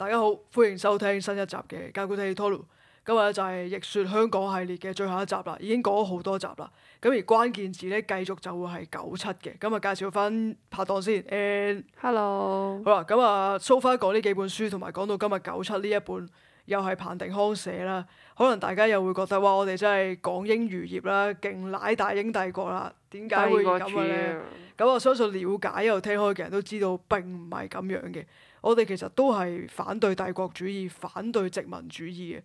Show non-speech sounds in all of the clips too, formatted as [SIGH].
大家好，歡迎收聽新一集嘅《教古體拖路》，今日就係《逆說香港》系列嘅最後一集啦，已經講咗好多集啦。咁而關鍵詞咧，繼續就會係九七嘅。咁啊，介紹翻拍檔先。誒，Hello，好啦，咁、嗯、啊，蘇、so、花講呢幾本書，同埋講到今日九七呢一本，又係彭定康寫啦。可能大家又會覺得，哇，我哋真係港英餘孽啦，勁奶大英帝國啦，點解會咁嘅咧？咁我、嗯嗯嗯、相信了解又聽開嘅人都知道並，並唔係咁樣嘅。我哋其實都係反對帝國主義、反對殖民主義嘅，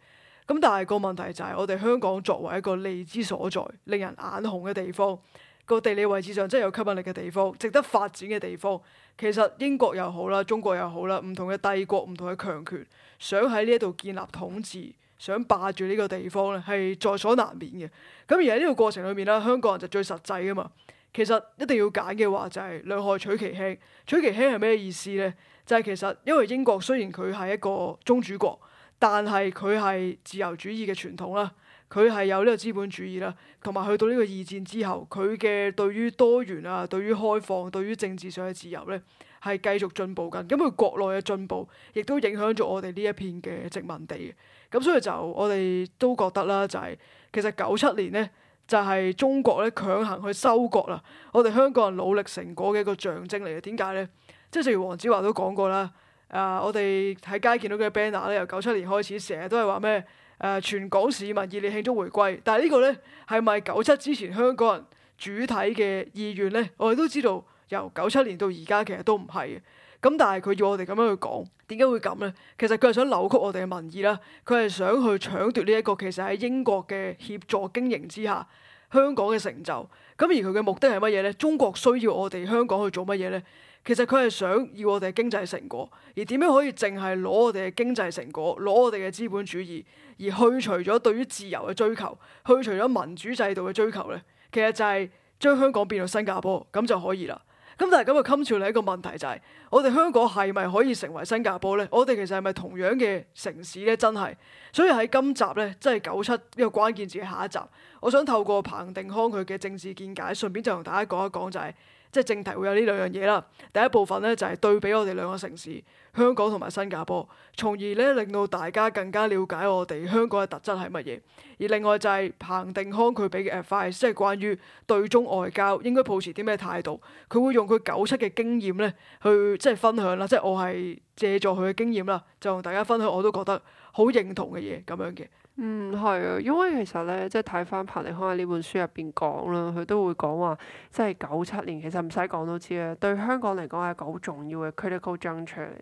咁但係個問題就係我哋香港作為一個利之所在、令人眼紅嘅地方，個地理位置上真係有吸引力嘅地方，值得發展嘅地方。其實英國又好啦，中國又好啦，唔同嘅帝國、唔同嘅強權想喺呢一度建立統治、想霸住呢個地方咧，係在所難免嘅。咁而喺呢個過程裏面咧，香港人就最實際噶嘛。其實一定要揀嘅話就係兩害取其輕，取其輕係咩意思咧？就係其實，因為英國雖然佢係一個宗主國，但係佢係自由主義嘅傳統啦，佢係有呢個資本主義啦，同埋去到呢個二戰之後，佢嘅對於多元啊、對於開放、對於政治上嘅自由咧，係繼續進步緊。咁佢國內嘅進步，亦都影響咗我哋呢一片嘅殖民地。咁所以就我哋都覺得啦、就是，就係其實九七年咧，就係中國咧強行去收國啦，我哋香港人努力成果嘅一個象徵嚟嘅。點解咧？即係，正如黃子華都講過啦，誒、呃，我哋喺街見到嘅 banner 咧，由九七年開始，成日都係話咩？誒，全港市民熱烈慶祝回歸。但係呢個咧，係咪九七之前香港人主體嘅意願咧？我哋都知道，由九七年到而家，其實都唔係嘅。咁但係佢要我哋咁樣去講，點解會咁咧？其實佢係想扭曲我哋嘅民意啦。佢係想去搶奪呢一個其實喺英國嘅協助經營之下香港嘅成就。咁而佢嘅目的係乜嘢咧？中國需要我哋香港去做乜嘢咧？其實佢係想要我哋經濟成果，而點樣可以淨係攞我哋嘅經濟成果，攞我哋嘅資本主義，而去除咗對於自由嘅追求，去除咗民主制度嘅追求呢？其實就係將香港變到新加坡咁就可以啦。咁但係咁嘅今次嚟一個問題，就是，就係我哋香港係咪可以成為新加坡呢？我哋其實係咪同樣嘅城市呢？真係。所以喺今集呢，真係九七呢個關鍵字嘅下一集，我想透過彭定康佢嘅政治見解，順便就同大家講一講就係，是。即係正題會有呢兩樣嘢啦，第一部分咧就係對比我哋兩個城市，香港同埋新加坡，從而咧令到大家更加了解我哋香港嘅特質係乜嘢。而另外就係彭定康佢俾嘅 e 即係關於對中外交應該抱持啲咩態度，佢會用佢九七嘅經驗咧去即係分享啦，即係我係借助佢嘅經驗啦，就同大家分享我都覺得好認同嘅嘢咁樣嘅。嗯，係啊，因為其實咧，即係睇翻彭定康喺呢本書入邊講啦，佢都會講話，即係九七年其實唔使講都知咧，對香港嚟講係一個好重要嘅 critical juncture 嚟。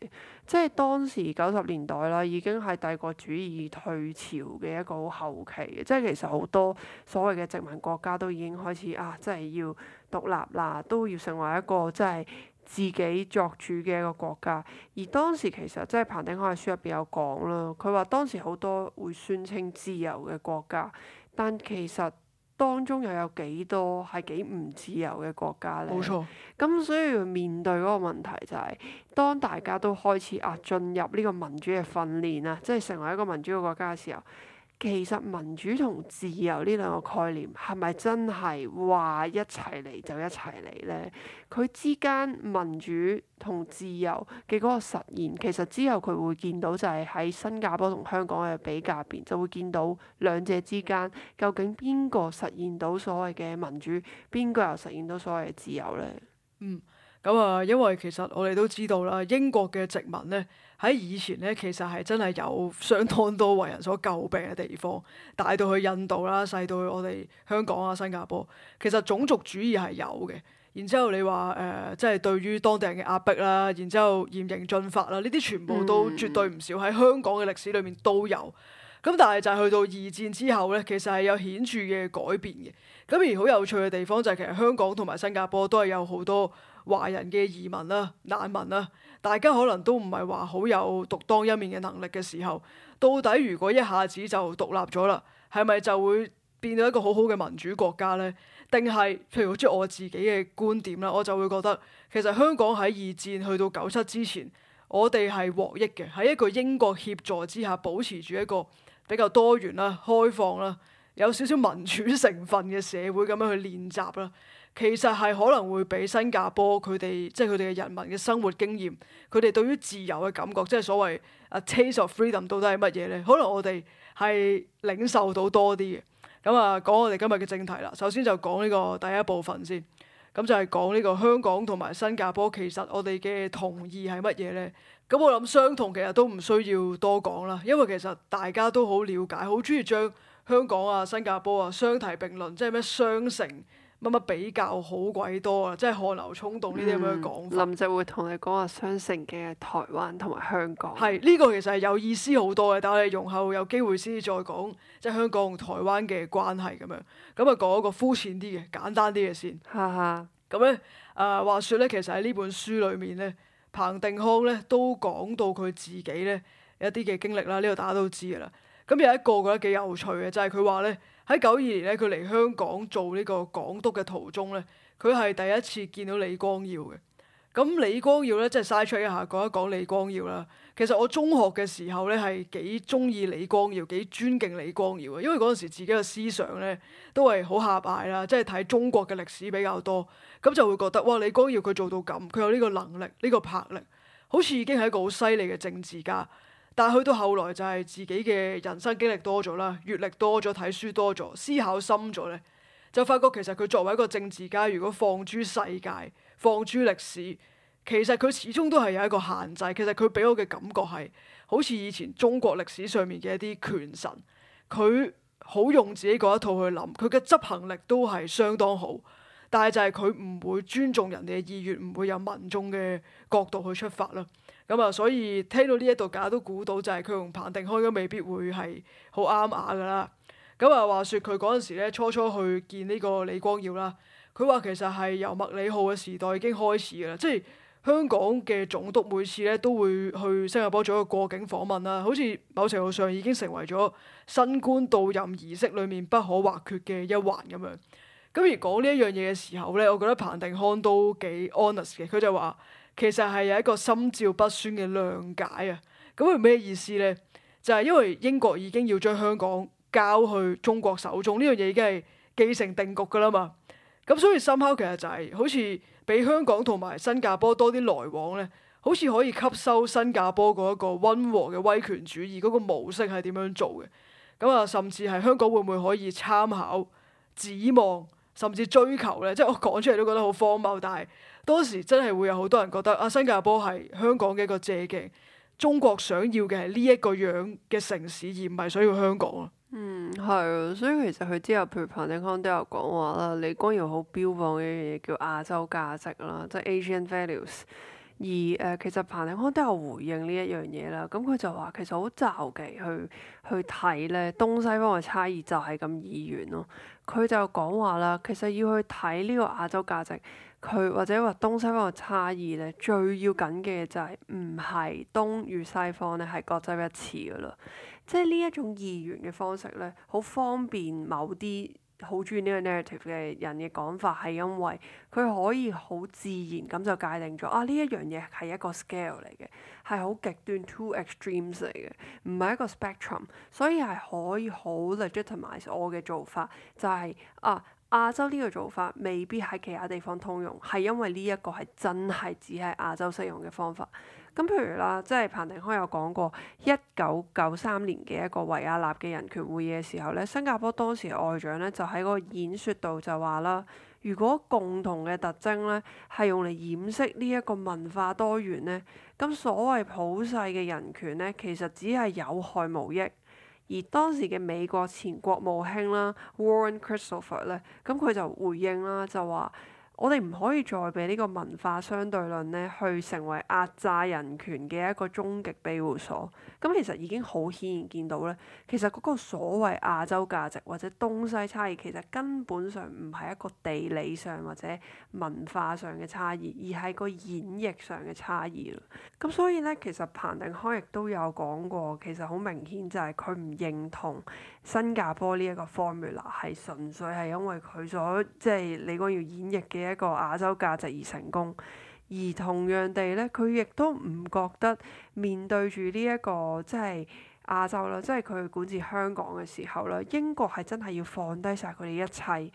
即係當時九十年代啦，已經係帝國主義退潮嘅一個後期，即係其實好多所謂嘅殖民國家都已經開始啊，即係要獨立啦，都要成為一個即係。自己作主嘅一個國家，而當時其實即係彭定康嘅書入邊有講啦，佢話當時好多會宣稱自由嘅國家，但其實當中又有幾多係幾唔自由嘅國家咧？冇錯。咁所以要面對嗰個問題就係，當大家都開始啊進入呢個民主嘅訓練啊，即係成為一個民主嘅國家嘅時候。其實民主同自由呢兩個概念係咪真係話一齊嚟就一齊嚟咧？佢之間民主同自由嘅嗰個實現，其實之後佢會見到就係喺新加坡同香港嘅比較入邊，就會見到兩者之間究竟邊個實現到所謂嘅民主，邊個又實現到所謂嘅自由咧？嗯，咁啊，因為其實我哋都知道啦，英國嘅殖民咧。喺以前咧，其實係真係有相當多為人所詬病嘅地方，大到去印度啦，細到去我哋香港啊、新加坡，其實種族主義係有嘅。然之後你話誒，即係、呃、就係、對於當地人嘅壓迫啦，然之後嚴刑峻法啦，呢啲全部都絕對唔少喺香港嘅歷史裏面都有。咁但係就係去到二戰之後咧，其實係有顯著嘅改變嘅。咁而好有趣嘅地方就係其實香港同埋新加坡都係有好多。華人嘅移民啦、啊、難民啦、啊，大家可能都唔係話好有獨當一面嘅能力嘅時候，到底如果一下子就獨立咗啦，係咪就會變到一個好好嘅民主國家咧？定係譬如好似我自己嘅觀點啦，我就會覺得其實香港喺二戰去到九七之前，我哋係獲益嘅，喺一個英國協助之下，保持住一個比較多元啦、開放啦、有少少民主成分嘅社會咁樣去練習啦。其實係可能會畀新加坡佢哋，即係佢哋嘅人民嘅生活經驗，佢哋對於自由嘅感覺，即係所謂 a taste of freedom 到底係乜嘢咧？可能我哋係領受到多啲嘅。咁啊，講我哋今日嘅正題啦。首先就講呢個第一部分先。咁就係講呢個香港同埋新加坡，其實我哋嘅同意係乜嘢咧？咁我諗相同其實都唔需要多講啦，因為其實大家都好了解，好中意將香港啊、新加坡啊相提並論，即係咩雙城。乜乜比較好鬼多啊！即係汗流衝動呢啲咁嘅講法。林夕會同你講下相承嘅台灣同埋香港。係，呢個其實係有意思好多嘅，但係我哋用後有機會先至再講，即係香港同台灣嘅關係咁樣。咁啊，講一個膚淺啲嘅、簡單啲嘅先。哈哈，咁咧啊，話說咧，其實喺呢本書裏面咧，彭定康咧都講到佢自己咧一啲嘅經歷啦。呢個大家都知噶啦。咁有一個覺得幾有趣嘅就係佢話咧。喺九二年咧，佢嚟香港做呢個港督嘅途中咧，佢係第一次見到李光耀嘅。咁、嗯、李光耀咧，即係嘥出一下講一講李光耀啦。其實我中學嘅時候咧，係幾中意李光耀，幾尊敬李光耀嘅。因為嗰陣時自己嘅思想咧，都係好狹隘啦，即係睇中國嘅歷史比較多，咁、嗯、就會覺得哇，李光耀佢做到咁，佢有呢個能力，呢、呢個魄力，好似已經係一個好犀利嘅政治家。但係去到後來就係自己嘅人生經歷多咗啦，閱歷多咗，睇書多咗，思考深咗咧，就發覺其實佢作為一個政治家，如果放諸世界、放諸歷史，其實佢始終都係有一個限制。其實佢俾我嘅感覺係，好似以前中國歷史上面嘅一啲權臣，佢好用自己嗰一套去諗，佢嘅執行力都係相當好。但係就係佢唔會尊重人哋嘅意願，唔會有民眾嘅角度去出發啦。咁、嗯、啊，所以聽到呢一度，大家都估到就係佢同彭定康都未必會係好啱牙噶啦。咁、嗯、啊，話說佢嗰陣時咧，初初去見呢個李光耀啦，佢話其實係由麥理浩嘅時代已經開始噶啦，即係香港嘅總督每次咧都會去新加坡做一個過境訪問啦，好似某程度上已經成為咗新官到任儀式裡面不可或缺嘅一環咁樣。咁而講呢一樣嘢嘅時候咧，我覺得彭定康都幾 honest 嘅。佢就話其實係有一個心照不宣嘅諒解啊。咁佢咩意思咧？就係、是、因為英國已經要將香港交去中國手中，呢樣嘢已經係既成定局噶啦嘛。咁所以 somehow 其實就係、是、好似俾香港同埋新加坡多啲來往咧，好似可以吸收新加坡嗰一個溫和嘅威權主義嗰個模式係點樣做嘅。咁啊，甚至係香港會唔會可以參考、指望？甚至追求咧，即係我講出嚟都覺得好荒謬，但係當時真係會有好多人覺得啊，新加坡係香港嘅一個借鏡，中國想要嘅係呢一個樣嘅城市，而唔係想要香港啊。嗯，係啊，所以其實佢之後譬如彭定康都有講話啦，李光耀好標榜嘅一樣嘢叫亞洲價值啦，即係 Asian values。而誒、呃、其實彭定康都有回應呢一樣嘢啦，咁佢就話其實好詐奇去去睇咧東西方嘅差異就係咁二元咯。佢就講話啦，其實要去睇呢個亞洲價值，佢或者話東西方嘅差異咧，最要緊嘅就係唔係東與西方咧係各執一詞噶啦，即係呢一種二元嘅方式咧，好方便某啲好中意呢個 narrative 嘅人嘅講法，係因為佢可以好自然咁就界定咗啊，呢一樣嘢係一個 scale 嚟嘅，係好極端 two extremes 嚟嘅，唔係一個 spectrum，所以係可以好 legitimate 我嘅做法就係、是、啊亞洲呢個做法未必喺其他地方通用，係因為呢一個係真係只係亞洲適用嘅方法。咁譬如啦，即係彭定康有講過一九九三年嘅一個維也納嘅人權會議嘅時候咧，新加坡當時外長咧就喺個演說度就話啦：「如果共同嘅特徵咧係用嚟掩飾呢一個文化多元咧，咁所謂普世嘅人權咧，其實只係有害無益。」而當時嘅美國前國務卿啦，Warren Christopher 咧，咁佢就回應啦，就話。我哋唔可以再俾呢個文化相對論咧，去成為壓榨人權嘅一個終極庇護所。咁其實已經好顯然見到咧，其實嗰個所謂亞洲價值或者東西差異，其實根本上唔係一個地理上或者文化上嘅差異，而係個演繹上嘅差異咯。咁所以咧，其實彭定康亦都有講過，其實好明顯就係佢唔認同。新加坡呢一個 formula 係純粹係因為佢所即係、就是、李光耀演繹嘅一個亞洲價值而成功，而同樣地呢，佢亦都唔覺得面對住呢一個即係、就是、亞洲啦，即係佢管治香港嘅時候啦，英國係真係要放低晒佢哋一切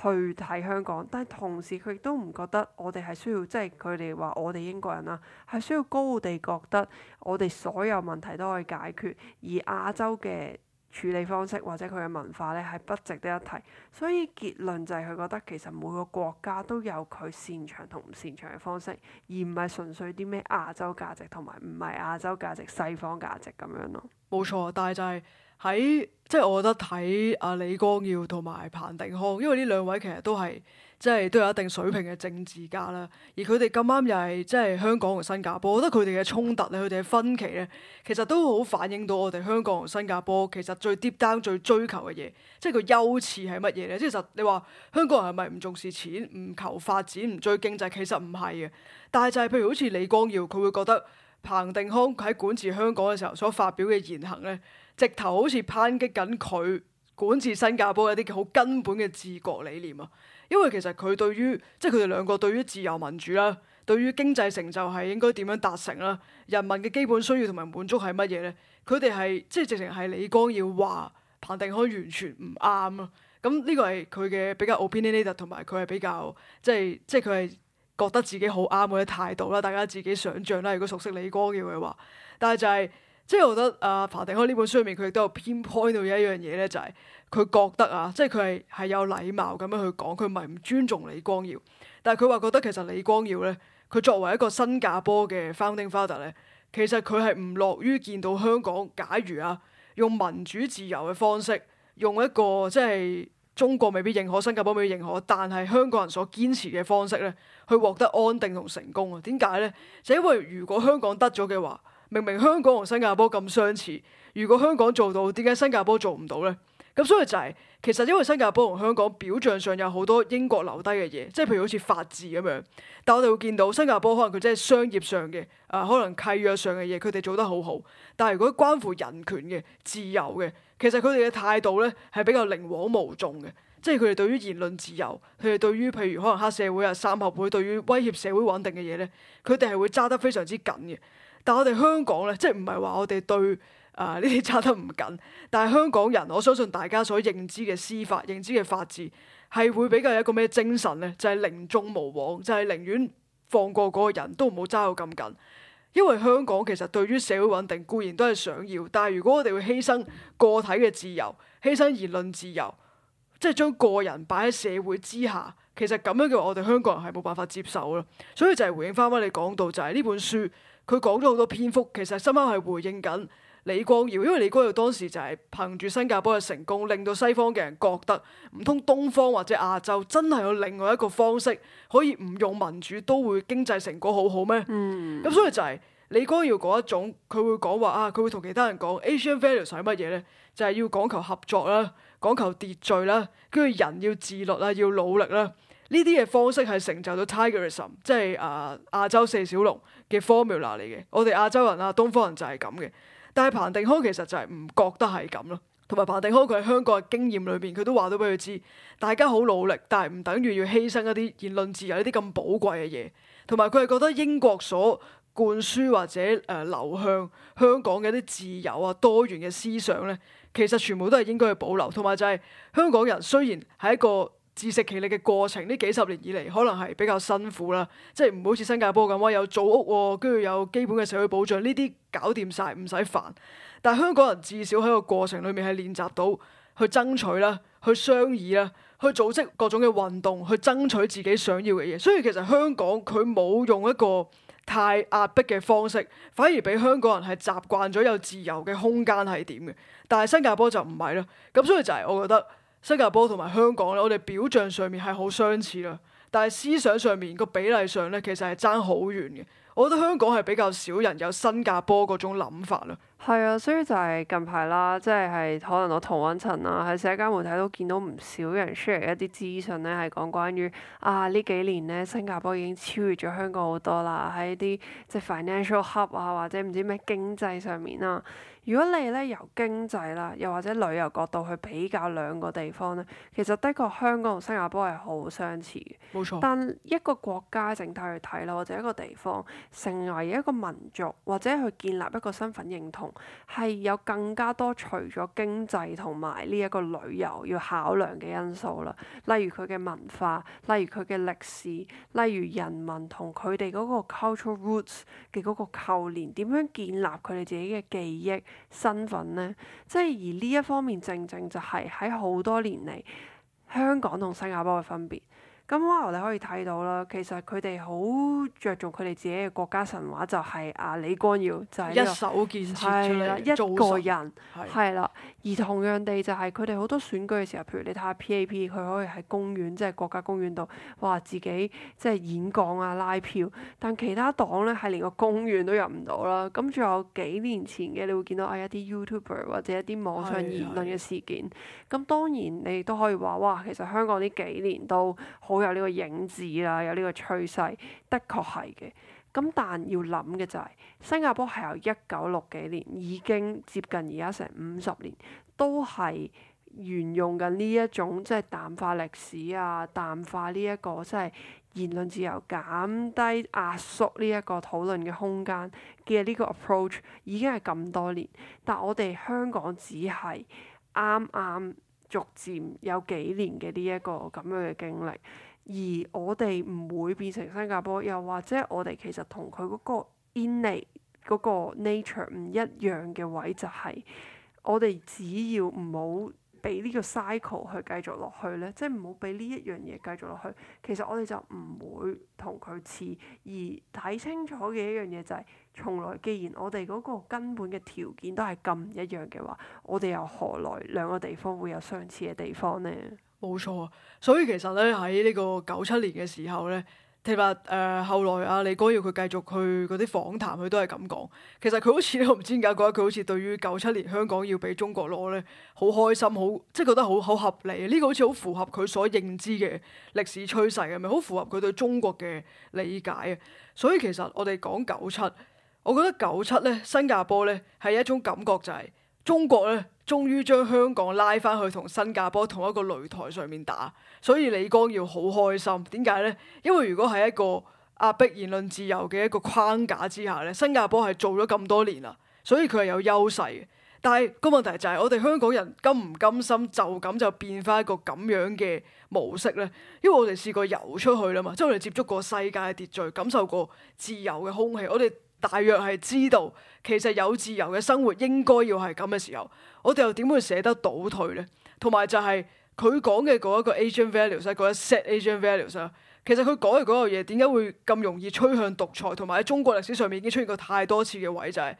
去睇香港，但係同時佢亦都唔覺得我哋係需要即係佢哋話我哋英國人啦係需要高地覺得我哋所有問題都可以解決，而亞洲嘅處理方式或者佢嘅文化呢係不值得一提，所以結論就係佢覺得其實每個國家都有佢擅長同唔擅長嘅方式，而唔係純粹啲咩亞洲價值同埋唔係亞洲價值西方價值咁樣咯。冇錯，但係就係喺即係我覺得睇阿李光耀同埋彭定康，因為呢兩位其實都係。即係都有一定水平嘅政治家啦，而佢哋咁啱又係即係香港同新加坡，我覺得佢哋嘅衝突咧，佢哋嘅分歧咧，其實都好反映到我哋香港同新加坡其實最 deep down 最追求嘅嘢，即係個優次係乜嘢咧？其實你話香港人係咪唔重視錢、唔求發展、唔追經濟？其實唔係嘅，但係就係譬如好似李光耀，佢會覺得彭定康喺管治香港嘅時候所發表嘅言行咧，直頭好似抨擊緊佢管治新加坡一啲好根本嘅治國理念啊！因為其實佢對於即係佢哋兩個對於自由民主啦，對於經濟成就係應該點樣達成啦，人民嘅基本需要同埋滿足係乜嘢咧？佢哋係即係直情係李光耀話彭定康完全唔啱咯。咁呢個係佢嘅比較 opinionated 同埋佢係比較即係即係佢係覺得自己好啱嗰啲態度啦。大家自己想象啦。如果熟悉李光耀嘅話，但係就係、是。即係我覺得啊，彭定康呢本書入面，佢亦都有 point 到一樣嘢咧，就係佢覺得啊，即係佢係係有禮貌咁樣去講，佢唔係唔尊重李光耀，但係佢話覺得其實李光耀咧，佢作為一個新加坡嘅 founding father 咧，其實佢係唔樂於見到香港，假如啊，用民主自由嘅方式，用一個即係、就係、中國未必認可、新加坡未必認可，但係香港人所堅持嘅方式咧，去獲得安定同成功啊？點解咧？就係、因為如果香港得咗嘅話，明明香港同新加坡咁相似，如果香港做到，點解新加坡做唔到咧？咁所以就係、是，其實因為新加坡同香港表象上有好多英國留低嘅嘢，即係譬如好似法治咁樣。但我哋會見到新加坡可能佢真係商業上嘅、啊可能契約上嘅嘢，佢哋做得好好。但係如果關乎人權嘅、自由嘅，其實佢哋嘅態度咧係比較寧枉毋縱嘅，即係佢哋對於言論自由，佢哋對於譬如可能黑社會啊、三合會，對於威脅社會穩定嘅嘢咧，佢哋係會揸得非常之緊嘅。但係我哋香港咧，即係唔係話我哋對啊呢啲揸得唔緊？但係香港人，我相信大家所認知嘅司法、認知嘅法治，係會比較有一個咩精神呢？就係、是、寧縱毋枉，就係寧願放過嗰個人，都唔好揸到咁緊。因為香港其實對於社會穩定固然都係想要，但係如果我哋會犧牲個體嘅自由、犧牲言論自由，即係將個人擺喺社會之下，其實咁樣嘅話我哋香港人係冇辦法接受咯。所以就係回應翻翻你講到就係、是、呢本書。佢講咗好多篇幅，其實深刻係回應緊李光耀，因為李光耀當時就係憑住新加坡嘅成功，令到西方嘅人覺得唔通東方或者亞洲真係有另外一個方式可以唔用民主都會經濟成果好好咩？咁、嗯、所以就係李光耀嗰一種，佢會講話啊，佢會同其他人講 Asian values 係乜嘢咧？就係、是、要講求合作啦，講求秩序啦，跟住人要自律啦，要努力啦。呢啲嘅方式係成就到 Tigerism，即係誒、呃、亞洲四小龍嘅 formula 嚟嘅。我哋亞洲人啊，東方人就係咁嘅。但係彭定康其實就係唔覺得係咁咯。同埋彭定康佢喺香港嘅經驗裏邊，佢都話到俾佢知，大家好努力，但係唔等於要犧牲一啲言論自由呢啲咁寶貴嘅嘢。同埋佢係覺得英國所灌輸或者誒、呃、流向香港嘅一啲自由啊、多元嘅思想咧，其實全部都係應該去保留。同埋就係、是、香港人雖然係一個。自食其力嘅過程，呢幾十年以嚟，可能係比較辛苦啦。即係唔好似新加坡咁樣有組屋，跟住有基本嘅社會保障呢啲搞掂晒唔使煩。但係香港人至少喺個過程裏面係練習到去爭取啦，去商議啦，去組織各種嘅運動，去爭取自己想要嘅嘢。所以其實香港佢冇用一個太壓迫嘅方式，反而俾香港人係習慣咗有自由嘅空間係點嘅。但係新加坡就唔係啦。咁所以就係我覺得。新加坡同埋香港咧，我哋表象上面係好相似啦，但係思想上面個比例上咧，其實係爭好遠嘅。我覺得香港係比較少人有新加坡嗰種諗法啦。係啊，所以就係近排啦，即係係可能我同温層啦，喺、啊、社交媒體都見到唔少人 share 一啲資訊咧，係講關於啊呢幾年咧，新加坡已經超越咗香港好多啦。喺啲即係 financial hub 啊，或者唔知咩經濟上面啦、啊。如果你咧由經濟啦，又或者旅遊角度去比較兩個地方咧，其實的確香港同新加坡係好相似嘅。冇錯。但一個國家整體去睇啦，或者一個地方成為一個民族或者去建立一個身份認同。係有更加多除咗經濟同埋呢一個旅遊要考量嘅因素啦，例如佢嘅文化，例如佢嘅歷史，例如人民同佢哋嗰個 cultural roots 嘅嗰個扣連，點樣建立佢哋自己嘅記憶身份呢？即係而呢一方面，正正就係喺好多年嚟香港同新加坡嘅分別。咁我哋可以睇到啦，其實佢哋好着重佢哋自己嘅國家神話就係、是、啊李光耀就係、是這個、一手建設的一個人係啦。而同樣地、就是，就係佢哋好多選舉嘅時候，譬如你睇下 PAP，佢可以喺公園即係國家公園度話自己即係、就是、演講啊拉票。但其他黨咧係連個公園都入唔到啦。咁仲有幾年前嘅，你會見到啊一啲 YouTuber 或者一啲網上言論嘅事件。咁的當然你都可以話哇，其實香港呢幾年都好。有呢個影子啦，有呢個趨勢，的確係嘅。咁但要諗嘅就係，新加坡係由一九六幾年已經接近而家成五十年，都係沿用緊呢一種即係淡化歷史啊、淡化呢一個即係言論自由減低壓縮呢一個討論嘅空間嘅呢個 approach，已經係咁多年。但我哋香港只係啱啱逐漸有幾年嘅呢一個咁樣嘅經歷。而我哋唔會變成新加坡，又或者我哋其實同佢嗰個 innate 嗰個 nature 唔一樣嘅位，就係我哋只要唔好俾呢個 cycle 去繼續落去咧，即係唔好俾呢一樣嘢繼續落去，其實我哋就唔會同佢似。而睇清楚嘅一樣嘢就係，從來既然我哋嗰個根本嘅條件都係咁唔一樣嘅話，我哋又何來兩個地方會有相似嘅地方呢？冇錯，所以其實咧，喺呢個九七年嘅時候咧，聽日誒後來阿、啊、李光耀要佢繼續去嗰啲訪談，佢都係咁講。其實佢好似都唔知點解覺得佢好似對於九七年香港要俾中國攞，咧，好開心，好即係覺得好好合理。呢、這個好似好符合佢所認知嘅歷史趨勢係咪？好符合佢對中國嘅理解啊。所以其實我哋講九七，我覺得九七咧，新加坡咧係一種感覺就係、是。中國咧，終於將香港拉翻去同新加坡同一個擂台上面打，所以李光耀好開心。點解咧？因為如果係一個壓迫言論自由嘅一個框架之下咧，新加坡係做咗咁多年啦，所以佢係有優勢嘅。但係個問題就係，我哋香港人甘唔甘心就咁就變翻一個咁樣嘅模式咧？因為我哋試過游出去啦嘛，即係我哋接觸過世界嘅秩序，感受過自由嘅空氣，我哋大約係知道。其實有自由嘅生活應該要係咁嘅時候，我哋又點會捨得倒退呢？同埋就係佢講嘅嗰一個 Asian values 啊，嗰個 set Asian values 啊，其實佢講嘅嗰樣嘢點解會咁容易趨向獨裁？同埋喺中國歷史上面已經出現過太多次嘅位，就係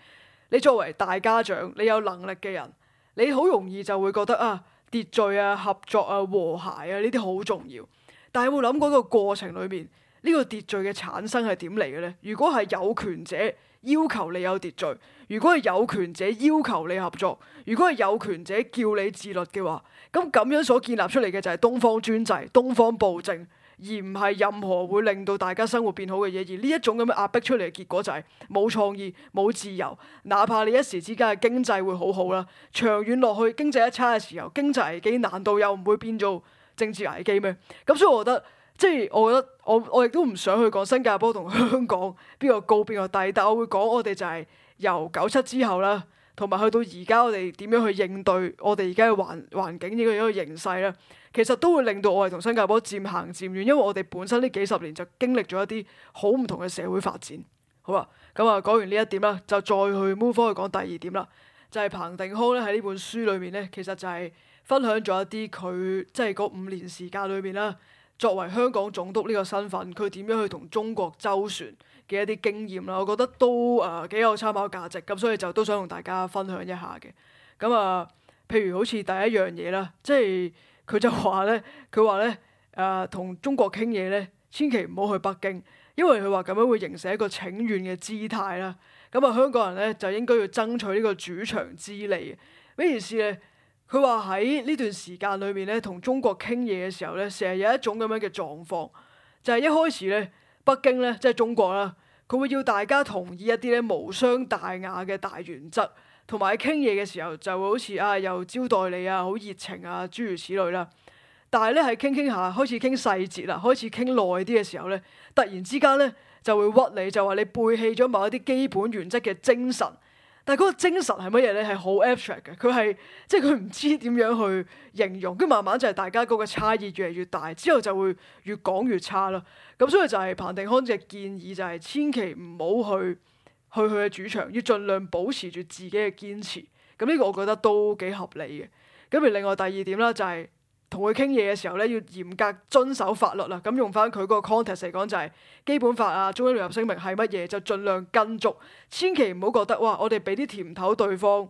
你作為大家長，你有能力嘅人，你好容易就會覺得啊秩序啊、合作啊、和諧啊呢啲好重要。但係有冇諗嗰個過程裏面呢個秩序嘅產生係點嚟嘅呢？如果係有權者要求你有秩序，如果係有權者要求你合作，如果係有權者叫你自律嘅話，咁咁樣所建立出嚟嘅就係東方專制、東方暴政，而唔係任何會令到大家生活變好嘅嘢。而呢一種咁樣壓迫出嚟嘅結果就係冇創意、冇自由，哪怕你一時之間嘅經濟會好好啦，長遠落去，經濟一差嘅時候，經濟危機難道又唔會變做政治危機咩？咁所以我覺得。即係我覺得我我亦都唔想去講新加坡同香港邊個高邊個低，但係我會講我哋就係由九七之後啦，同埋去到而家我哋點樣去應對我哋而家嘅環環境呢個一個形勢啦。其實都會令到我哋同新加坡漸行漸遠，因為我哋本身呢幾十年就經歷咗一啲好唔同嘅社會發展。好啦、啊，咁啊講完呢一點啦，就再去 move 返去講第二點啦，就係、是、彭定康咧喺呢本書裏面咧，其實就係分享咗一啲佢即係嗰五年時間裏面啦。作為香港總督呢個身份，佢點樣去同中國周旋嘅一啲經驗啦，我覺得都誒幾、呃、有參考價值咁，所以就都想同大家分享一下嘅。咁啊、呃，譬如好似第一樣嘢啦，即係佢就話咧，佢話咧誒同中國傾嘢咧，千祈唔好去北京，因為佢話咁樣會形成一個請願嘅姿態啦。咁啊、呃，香港人咧就應該要爭取呢個主場之利。咩意思咧？佢話喺呢段時間裏面咧，同中國傾嘢嘅時候咧，成日有一種咁樣嘅狀況，就係一開始咧，北京咧即係中國啦，佢會要大家同意一啲咧無傷大雅嘅大原則，同埋傾嘢嘅時候就會好似啊又招待你啊好熱情啊諸如此類啦。但係咧係傾傾下開始傾細節啦，開始傾耐啲嘅時候咧，突然之間咧就會屈你，就話你背棄咗某一啲基本原則嘅精神。但係嗰個精神係乜嘢咧？係好 abstract 嘅，佢係即係佢唔知點樣去形容，跟住慢慢就係大家嗰個差異越嚟越大，之後就會越講越差啦。咁所以就係彭定康嘅建議就係千祈唔好去去佢嘅主場，要盡量保持住自己嘅堅持。咁呢個我覺得都幾合理嘅。咁而另外第二點啦、就係，就係。同佢傾嘢嘅時候咧，要嚴格遵守法律啦。咁用翻佢個 context 嚟講，就是，就係基本法啊、中英聯合聲明係乜嘢，就盡量跟足。千祈唔好覺得哇，我哋俾啲甜頭對方，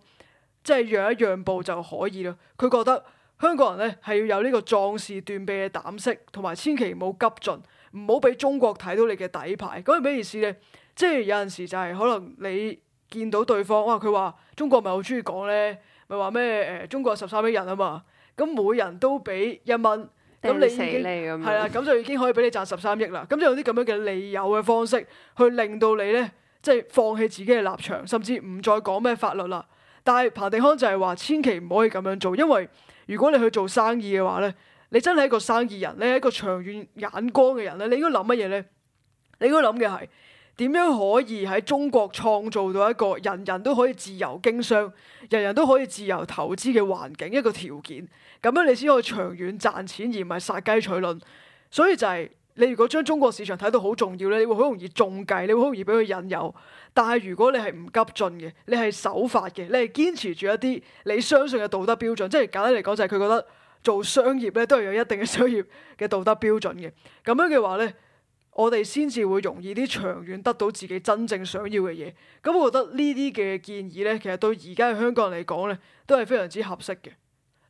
即係讓一讓步就可以啦。佢覺得香港人咧係要有呢個壯士斷臂嘅膽識，同埋千祈唔好急進，唔好俾中國睇到你嘅底牌。咁係咩意思咧？即係有陣時就係可能你見到對方哇，佢話中國咪好中意講咧，咪話咩誒？中國十三億人啊嘛。咁每人都俾一蚊，咁你死，你已經係啦，咁 [LAUGHS] 就已經可以俾你賺十三億啦。咁就係有啲咁樣嘅利誘嘅方式，去令到你咧，即係放棄自己嘅立場，甚至唔再講咩法律啦。但係彭定康就係話，千祈唔可以咁樣做，因為如果你去做生意嘅話咧，你真係一個生意人，你係一個長遠眼光嘅人咧，你應該諗乜嘢咧？你應該諗嘅係。點樣可以喺中國創造到一個人人都可以自由經商、人人都可以自由投資嘅環境一個條件？咁樣你先可以長遠賺錢，而唔係殺雞取卵。所以就係，你如果將中國市場睇到好重要咧，你會好容易中計，你會好容易俾佢引誘。但係如果你係唔急進嘅，你係守法嘅，你係堅持住一啲你相信嘅道德標準，即係簡單嚟講就係佢覺得做商業咧都係有一定嘅商業嘅道德標準嘅。咁樣嘅話咧。我哋先至會容易啲長遠得到自己真正想要嘅嘢，咁我覺得呢啲嘅建議咧，其實對而家嘅香港人嚟講咧，都係非常之合適嘅。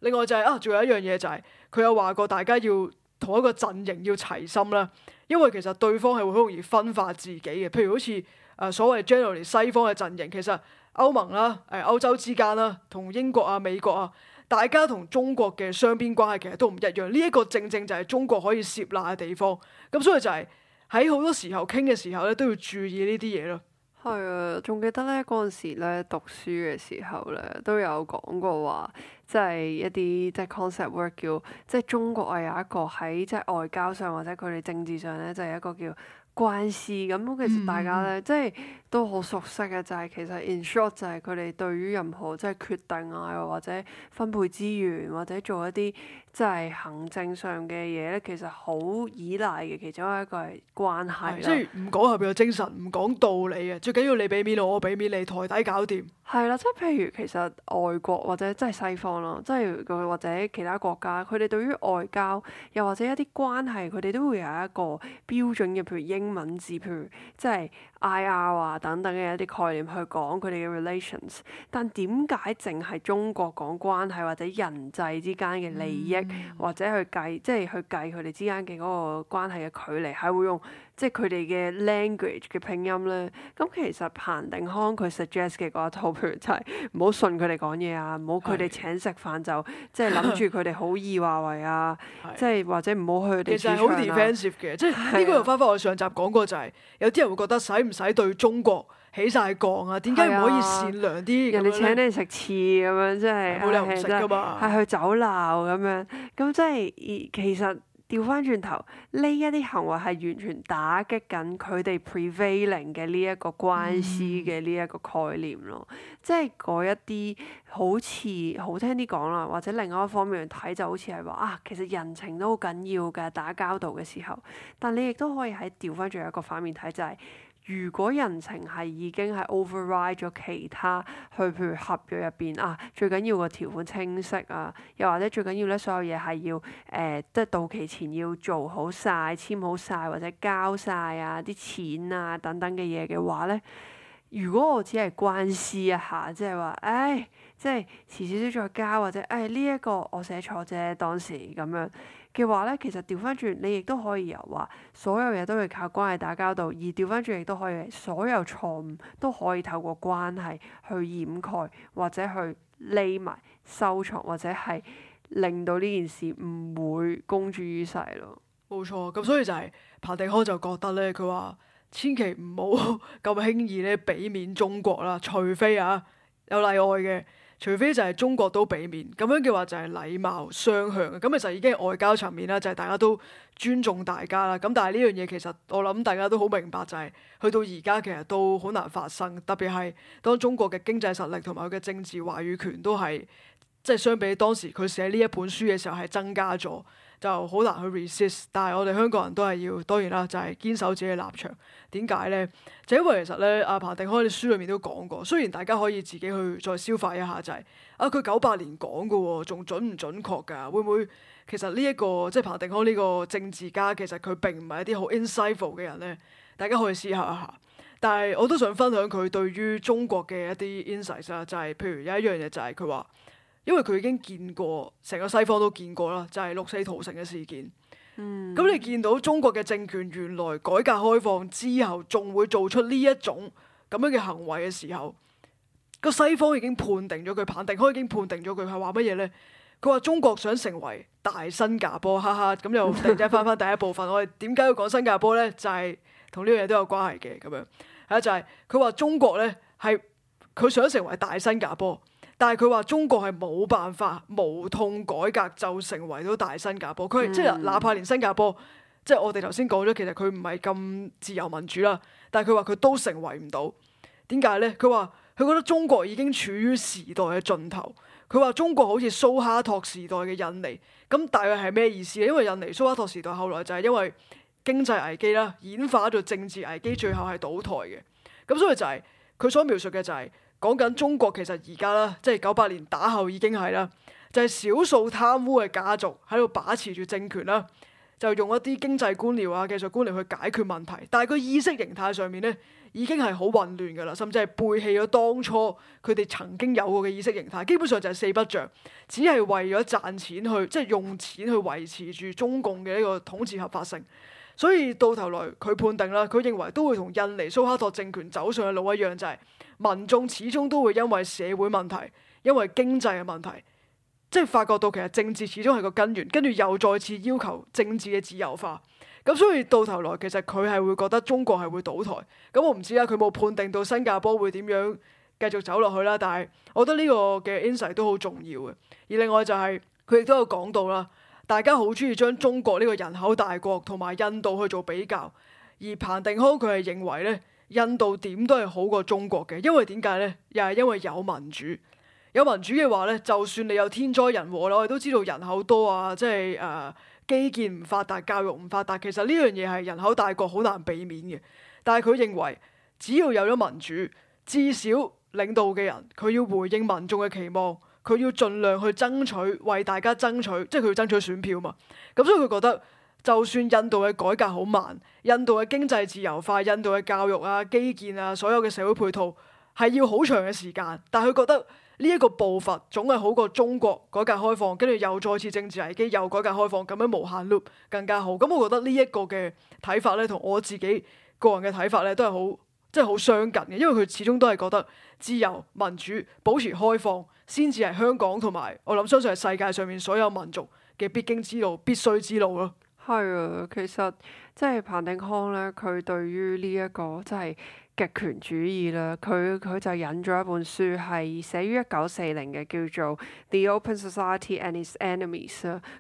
另外就係、是、啊，仲有一樣嘢就係、是、佢有話過，大家要同一個陣營要齊心啦，因為其實對方係會好容易分化自己嘅。譬如好似啊、呃、所謂 generally 西方嘅陣營，其實歐盟啦、誒、呃、歐洲之間啦、同英國啊、美國啊，大家同中國嘅雙邊關係其實都唔一樣。呢、這、一個正正，正就係中國可以涉拿嘅地方。咁所以就係、是。喺好多時候傾嘅時候咧，都要注意呢啲嘢咯。係啊，仲記得咧嗰陣時咧讀書嘅時候咧，都有講過話，即係一啲即係 concept work 叫，即係中國係有一個喺即係外交上或者佢哋政治上咧，就係一個叫。關事咁，其實大家咧，即係都好熟悉嘅，就係其實 in short 就係佢哋對於任何即係決定啊，又或者分配資源，或者做一啲即係行政上嘅嘢咧，其實好依賴嘅其中一個係關係啦。即係唔講合約精神，唔講道理嘅，最緊要你俾面我，我俾面你，台底搞掂。係啦，即係譬如其實外國或者即係西方咯，即係或者其他國家，佢哋對於外交又或者一啲關係，佢哋都會有一個標準嘅譬如英文字譬如即係、就是、IR 啊等等嘅一啲概念去講佢哋嘅 relations。但點解淨係中國講關係或者人際之間嘅利益、嗯、或者去計即係、就是、去計佢哋之間嘅嗰個關係嘅距離係會用？即係佢哋嘅 language 嘅拼音咧，咁其實彭定康佢 suggest 嘅嗰一套，譬如就係唔好信佢哋講嘢啊，唔好佢哋請食飯就即係諗住佢哋好易話為啊，即係或者唔好去佢哋。其實好 defensive 嘅，即係呢個又翻返我上集講過，就係有啲人會覺得使唔使對中國起晒降啊？點解唔可以善良啲？人哋請你食翅咁樣，即係冇理由唔食噶嘛。係去酒樓咁樣，咁即係其實。調翻轉頭，呢一啲行為係完全打擊緊佢哋 prevailing 嘅呢一個關係嘅呢一個概念咯，嗯、即係嗰一啲好似好聽啲講啦，或者另外一方面睇就好似係話啊，其實人情都好緊要㗎，打交道嘅時候，但你亦都可以喺調翻轉一個反面睇就係、是。如果人情係已經係 override 咗其他去，去譬如合約入邊啊，最緊要個條款清晰啊，又或者最緊要咧所有嘢係要誒，即、呃、係到期前要做好晒、簽好晒或者交晒啊啲錢啊等等嘅嘢嘅話咧，如果我只係關思一下，即係話，誒，即係遲少少再交或者誒呢一個我寫錯啫當時咁樣。嘅話咧，其實調翻轉，你亦都可以由話所有嘢都係靠關係打交道，而調翻轉亦都可以，所有錯誤都可以透過關係去掩蓋或者去匿埋收藏，或者係令到呢件事唔會公諸於世咯。冇錯，咁所以就係彭定康就覺得咧，佢話千祈唔好咁輕易咧畀面中國啦，除非啊有例外嘅。除非就係中國都俾面，咁樣嘅話就係禮貌雙向嘅，咁其實已經係外交層面啦，就係、是、大家都尊重大家啦。咁但係呢樣嘢其實我諗大家都好明白、就是，就係去到而家其實都好難發生，特別係當中國嘅經濟實力同埋佢嘅政治話語權都係即係相比當時佢寫呢一本書嘅時候係增加咗。就好難去 resist，但係我哋香港人都係要當然啦，就係、係、堅守自己嘅立場。點解咧？就係、因為其實咧，阿彭定康喺書裏面都講過。雖然大家可以自己去再消化一下、就係，就係啊，佢九八年講嘅喎，仲準唔準確㗎？會唔會其實呢、呢、一個即係、就係、彭定康呢個政治家，其實佢並唔係一啲好 insightful 嘅人咧。大家可以思考一,一下。但係我都想分享佢對於中國嘅一啲 insights 啦，就係譬如有一樣嘢就係佢話。因為佢已經見過成個西方都見過啦，就係六四屠城嘅事件。嗯，咁你見到中國嘅政權原來改革開放之後，仲會做出呢一種咁樣嘅行為嘅時候，個西方已經判定咗佢，判定，佢已經判定咗佢係話乜嘢呢？佢話中國想成為大新加坡，哈哈！咁又突然之間翻翻第一部分， [LAUGHS] 我哋點解要講新加坡呢？就係同呢樣嘢都有關係嘅。咁樣，啊，就係佢話中國呢，係佢想成為大新加坡。但係佢話中國係冇辦法、無痛改革就成為到大新加坡，佢、嗯、即係哪怕連新加坡，即、就、係、是、我哋頭先講咗，其實佢唔係咁自由民主啦。但係佢話佢都成為唔到，點解呢？佢話佢覺得中國已經處於時代嘅盡頭，佢話中國好似蘇哈托時代嘅印尼，咁大約係咩意思？因為印尼蘇哈托時代後來就係因為經濟危機啦，演化咗政治危機，最後係倒台嘅。咁所以就係、是、佢所描述嘅就係、是。講緊中國其實而家啦，即係九八年打後已經係啦，就係少數貪污嘅家族喺度把持住政權啦，就用一啲經濟官僚啊、技術官僚去解決問題，但係佢意識形態上面呢，已經係好混亂㗎啦，甚至係背棄咗當初佢哋曾經有過嘅意識形態，基本上就係四不像，只係為咗賺錢去，即係用錢去維持住中共嘅呢個統治合法性。所以到頭來佢判定啦，佢認為都會同印尼蘇哈托政權走上嘅路一樣，就係民眾始終都會因為社會問題、因為經濟嘅問題，即係發覺到其實政治始終係個根源，跟住又再次要求政治嘅自由化。咁所以到頭來其實佢係會覺得中國係會倒台。咁我唔知啦，佢冇判定到新加坡會點樣繼續走落去啦。但係我覺得呢個嘅 insight 都好重要嘅。而另外就係佢亦都有講到啦。大家好，中意將中國呢個人口大國同埋印度去做比較，而彭定康佢係認為呢，印度點都係好過中國嘅，因為點解呢？又係因為有民主，有民主嘅話呢，就算你有天災人禍啦，我哋都知道人口多啊，即係誒、呃、基建唔發達、教育唔發達，其實呢樣嘢係人口大國好難避免嘅。但係佢認為，只要有咗民主，至少領導嘅人佢要回應民眾嘅期望。佢要盡量去爭取，為大家爭取，即係佢要爭取選票嘛。咁、嗯、所以佢覺得，就算印度嘅改革好慢，印度嘅經濟自由化、印度嘅教育啊、基建啊、所有嘅社會配套係要好長嘅時間，但係佢覺得呢一個步伐總係好過中國改革開放，跟住又再次政治危機，又改革開放，咁樣無限 loop 更加好。咁、嗯、我覺得呢一個嘅睇法咧，同我自己個人嘅睇法咧，都係好，真係好相近嘅，因為佢始終都係覺得自由、民主、保持開放，先至係香港，同埋我諗相信係世界上面所有民族嘅必經之路、必須之路咯。係啊，其實即係彭定康咧，佢對於呢一個即係。就是極權主義啦，佢佢就引咗一本書係寫於一九四零嘅，叫做《The Open Society and Its Enemies》。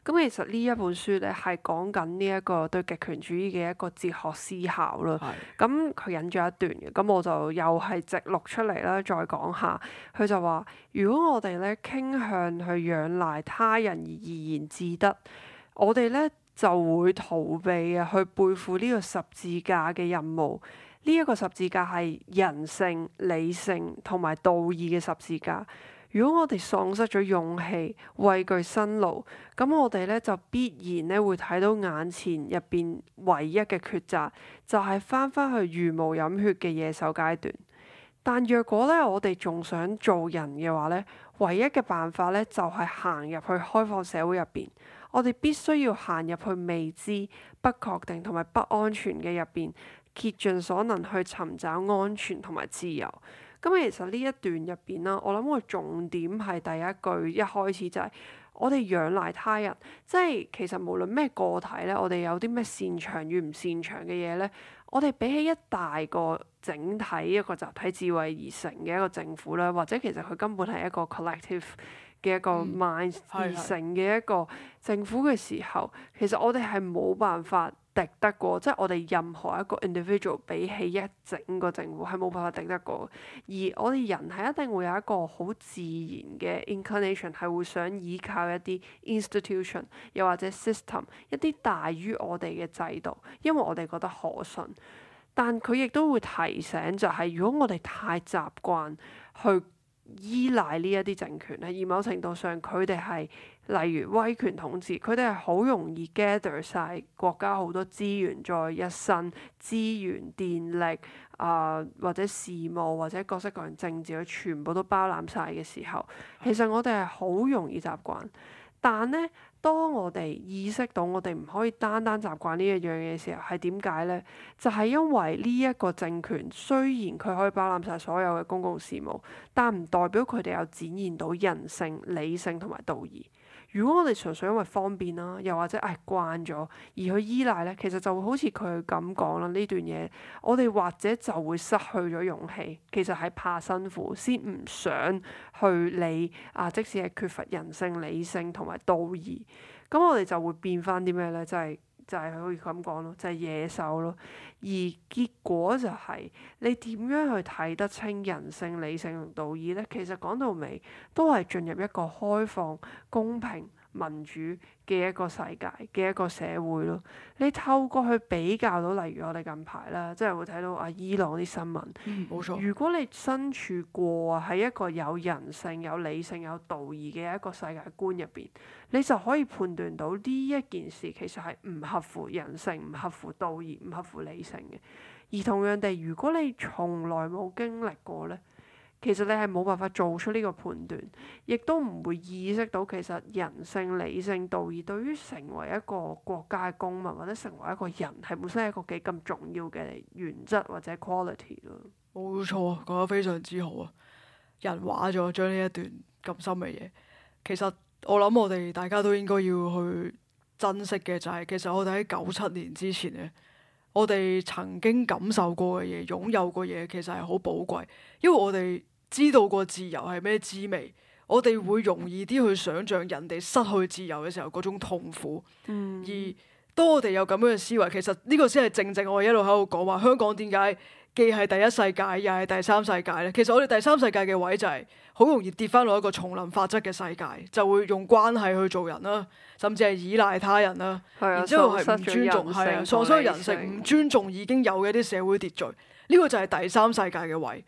咁其實呢一本書咧係講緊呢一個對極權主義嘅一個哲學思考咯。咁佢的引咗一段嘅，咁我就又係直錄出嚟啦，再講下。佢就話：如果我哋咧傾向去仰賴他人而怡然自得，我哋咧就會逃避啊去背負呢個十字架嘅任務。呢一個十字架係人性、理性同埋道義嘅十字架。如果我哋喪失咗勇氣、畏懼辛勞，咁我哋咧就必然咧會睇到眼前入邊唯一嘅抉擇，就係翻返去茹毛飲血嘅野獸階段。但若果咧我哋仲想做人嘅話咧，唯一嘅辦法咧就係行入去開放社會入邊。我哋必須要行入去未知、不確定同埋不安全嘅入邊。竭盡所能去尋找安全同埋自由。咁其實呢一段入邊啦，我諗個重點係第一句一開始就係我哋仰賴他人，即係其實無論咩個體咧，我哋有啲咩擅長與唔擅長嘅嘢咧，我哋比起一大個整體一個集體智慧而成嘅一個政府咧，或者其實佢根本係一個 collective 嘅一個 mind、嗯、而成嘅一個政府嘅時候，其實我哋係冇辦法，敵得過，即係我哋任何一個 individual 比起一整個政府係冇辦法敵得過。而我哋人係一定會有一個好自然嘅 inclination 係會想依靠一啲 institution，又或者 system 一啲大於我哋嘅制度，因為我哋覺得可信。但佢亦都會提醒就係，如果我哋太習慣去。 [MUSIC] 依賴呢一啲政權，咧，而某程度上佢哋係例如威權統治，佢哋係好容易 gather 晒國家好多資源在一身，資源、電力啊、呃，或者事務或者各式各樣政治，佢全部都包攬晒嘅時候，其實我哋係好容易習慣，但咧。當我哋意識到我哋唔可以單單習慣呢一樣嘢嘅時候，係點解咧？就係因為呢一個政權雖然佢可以包攬晒所有嘅公共事務，但唔代表佢哋有展現到人性、理性同埋道義。如果我哋純粹因為方便啦，又或者唉、哎、慣咗而去依賴咧，其實就會好似佢咁講啦，呢段嘢，我哋或者就會失去咗勇氣。其實係怕辛苦，先唔想去理啊。即使係缺乏人性、理性同埋道義，咁我哋就會變翻啲咩咧？就係、是。就係可以咁講咯，就係野獸咯。而結果就係你點樣去睇得清人性、理性同道義咧？其實講到尾都係進入一個開放、公平。民主嘅一個世界嘅一個社會咯，你透過去比較到，例如我哋近排啦，即係會睇到啊伊朗啲新聞。嗯，冇錯。如果你身處過喺一個有人性、有理性、有道義嘅一個世界觀入邊，你就可以判斷到呢一件事其實係唔合乎人性、唔合乎道義、唔合乎理性嘅。而同樣地，如果你從來冇經歷過咧，其實你係冇辦法做出呢個判斷，亦都唔會意識到其實人性、理性、道義對於成為一個國家公民或者成為一個人，係本身係一個幾咁重要嘅原則或者 quality 咯。冇錯，講得非常之好啊！人話咗將呢一段咁深嘅嘢，其實我諗我哋大家都應該要去珍惜嘅就係、是，其實我哋喺九七年之前嘅。我哋曾經感受過嘅嘢，擁有過嘢，其實係好寶貴，因為我哋知道過自由係咩滋味，我哋會容易啲去想象人哋失去自由嘅時候嗰種痛苦。嗯、而當我哋有咁樣嘅思維，其實呢個先係正正我一路喺度講話香港點解既係第一世界，又係第三世界呢？其實我哋第三世界嘅位就係、是。好容易跌翻落一個叢林法則嘅世界，就會用關係去做人啦，甚至係依賴他人啦。然之後係唔尊重，係喪、啊、失人性，唔尊重已經有嘅一啲社會秩序。呢、這個就係第三世界嘅位。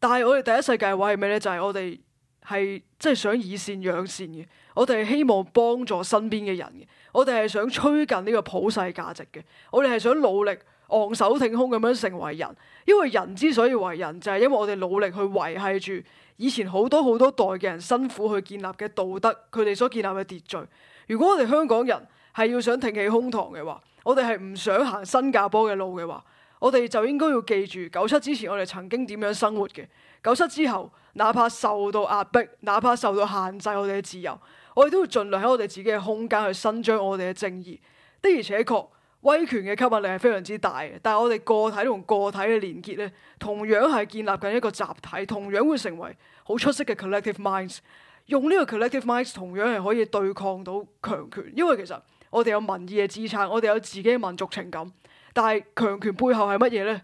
但係我哋第一世界嘅位係咩呢？就係我哋係真係想以善養善嘅，我哋係希望幫助身邊嘅人嘅，我哋係想趨近呢個普世價值嘅，我哋係想努力昂首挺胸咁樣成為人。因為人之所以為人，就係、是、因為我哋努力去維繫住。以前好多好多代嘅人辛苦去建立嘅道德，佢哋所建立嘅秩序。如果我哋香港人係要想挺起胸膛嘅話，我哋係唔想行新加坡嘅路嘅話，我哋就應該要記住九七之前我哋曾經點樣生活嘅。九七之後，哪怕受到壓迫，哪怕受到限制我哋嘅自由，我哋都要盡量喺我哋自己嘅空間去伸張我哋嘅正義。的而且確。威權嘅吸引力係非常之大嘅，但係我哋個體同個體嘅連結咧，同樣係建立緊一個集體，同樣會成為好出色嘅 collective minds。用呢個 collective minds，同樣係可以對抗到強權，因為其實我哋有民意嘅支撐，我哋有自己嘅民族情感。但係強權背後係乜嘢咧？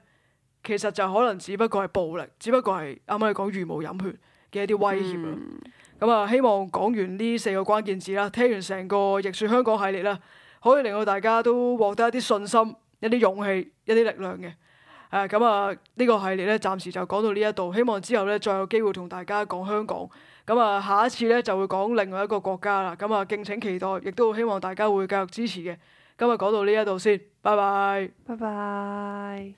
其實就可能只不過係暴力，只不過係啱啱你講茹毛飲血嘅一啲威脅咁啊，嗯嗯，希望講完呢四個關鍵字啦，聽完成個逆説香港系列啦。可以令到大家都獲得一啲信心、一啲勇氣、一啲力量嘅。誒咁啊，呢個系列呢，暫時就講到呢一度，希望之後呢，再有機會同大家講香港。咁啊，下一次呢，就會講另外一個國家啦。咁啊，敬請期待，亦都希望大家會繼續支持嘅。今日講到呢一度先，拜拜，拜拜。